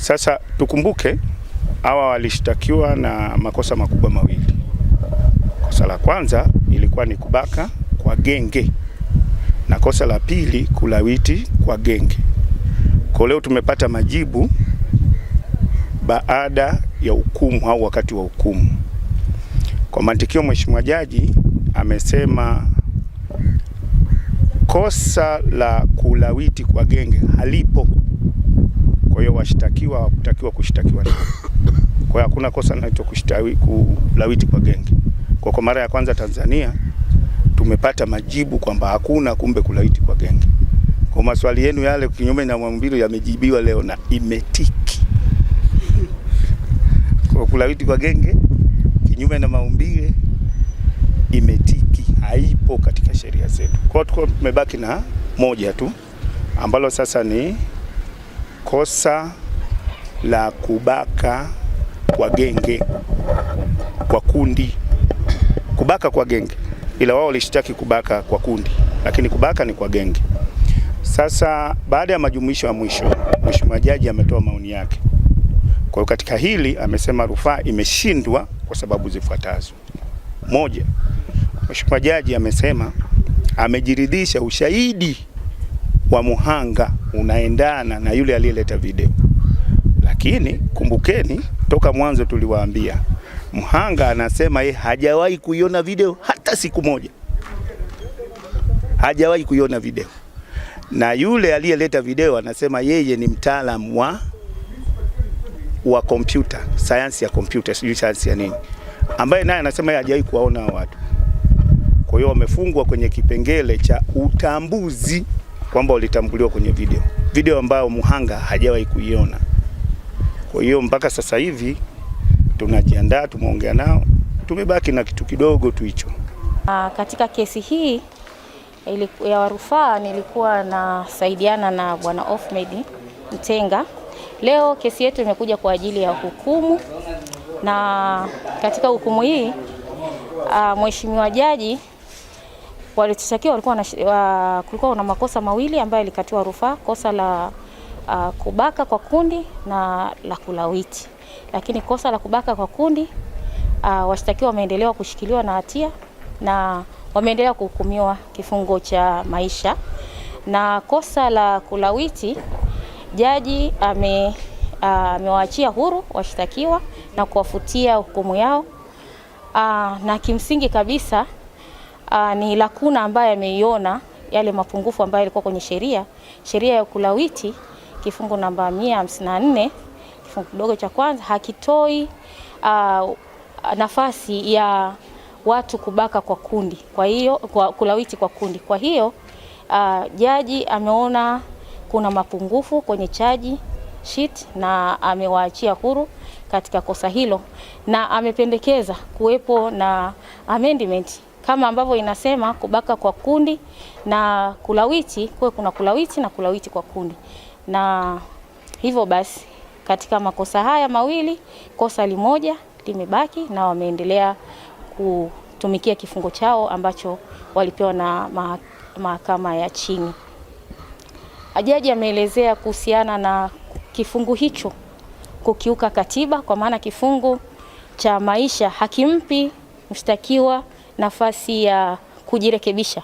Sasa tukumbuke hawa walishtakiwa na makosa makubwa mawili. Kosa la kwanza ilikuwa ni kubaka kwa genge na kosa la pili kulawiti kwa genge. Kwa leo tumepata majibu baada ya hukumu au wakati wa hukumu. Kwa mantikio, mheshimiwa jaji amesema kosa la kulawiti kwa genge halipo washtakiwa hawakutakiwa kushtakiwa. Kwa hiyo hakuna kosa linaloitwa kushtawi kulawiti kwa genge. Kwa kwa mara ya kwanza Tanzania tumepata majibu kwamba hakuna kumbe kulawiti kwa genge. Kwa maswali yenu yale kinyume na maumbile yamejibiwa leo na imetiki. Kwa kulawiti kwa genge kinyume na maumbile imetiki, haipo katika sheria zetu. Kwa hiyo tumebaki na moja tu ambalo sasa ni kosa la kubaka kwa genge kwa kundi, kubaka kwa genge, ila wao walishtaki kubaka kwa kundi, lakini kubaka ni kwa genge. Sasa baada ya majumuisho ya mwisho, mheshimiwa jaji ametoa maoni yake. Kwa hiyo katika hili amesema rufaa imeshindwa kwa sababu zifuatazo. Moja, mheshimiwa jaji amesema amejiridhisha ushahidi wa muhanga unaendana na yule aliyeleta video. Lakini kumbukeni, toka mwanzo tuliwaambia, mhanga anasema yeye hajawahi kuiona video hata siku moja, hajawahi kuiona video, na yule aliyeleta video anasema yeye ni mtaalamu wa wa kompyuta, sayansi ya kompyuta, sijui sayansi ya nini, ambaye naye anasema yeye hajawahi kuwaona watu. Kwa hiyo wamefungwa kwenye kipengele cha utambuzi kwamba walitambuliwa kwenye video, video ambayo muhanga hajawahi kuiona. Kwa hiyo mpaka sasa hivi tunajiandaa, tumeongea nao, tumebaki na kitu kidogo tu hicho. Ah, katika kesi hii ya warufaa nilikuwa nasaidiana na bwana Ofmed Mtenga. Leo kesi yetu imekuja kwa ajili ya hukumu, na katika hukumu hii ah, mheshimiwa jaji walishtakiwa walikuwa na, wa, kulikuwa na makosa mawili ambayo ilikatiwa rufaa, kosa la uh, kubaka kwa kundi na la kulawiti. Lakini kosa la kubaka kwa kundi uh, washtakiwa wameendelewa kushikiliwa na hatia na wameendelea kuhukumiwa kifungo cha maisha, na kosa la kulawiti jaji ame amewaachia uh, huru washtakiwa na kuwafutia hukumu yao uh, na kimsingi kabisa uh, ni Lakuna ambayo ameiona yale mapungufu ambayo yalikuwa kwenye sheria sheria ya ukulawiti kifungu namba 154 kifungu kidogo cha kwanza hakitoi uh, nafasi ya watu kubaka kwa kundi, kwa hiyo kwa kulawiti kwa kundi. Kwa hiyo uh, jaji ameona kuna mapungufu kwenye chaji sheet na amewaachia huru katika kosa hilo na amependekeza kuwepo na amendment kama ambavyo inasema kubaka kwa kundi na kulawiti, kuwe kuna kulawiti na kulawiti kwa kundi. Na hivyo basi katika makosa haya mawili kosa limoja limebaki na wameendelea kutumikia kifungo chao ambacho walipewa na mahakama ya chini. ajaji ameelezea kuhusiana na kifungu hicho kukiuka katiba, kwa maana kifungu cha maisha hakimpi mshtakiwa nafasi ya kujirekebisha